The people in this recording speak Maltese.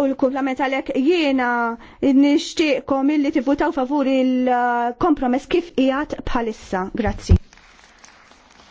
u l-kumplament għalek jiena nishtiqkom illi tivvutaw favur il-kompromess kif ijat bħalissa. Grazzi.